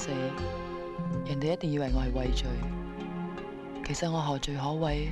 死，人哋一定以為我係畏罪，其實我何罪可畏？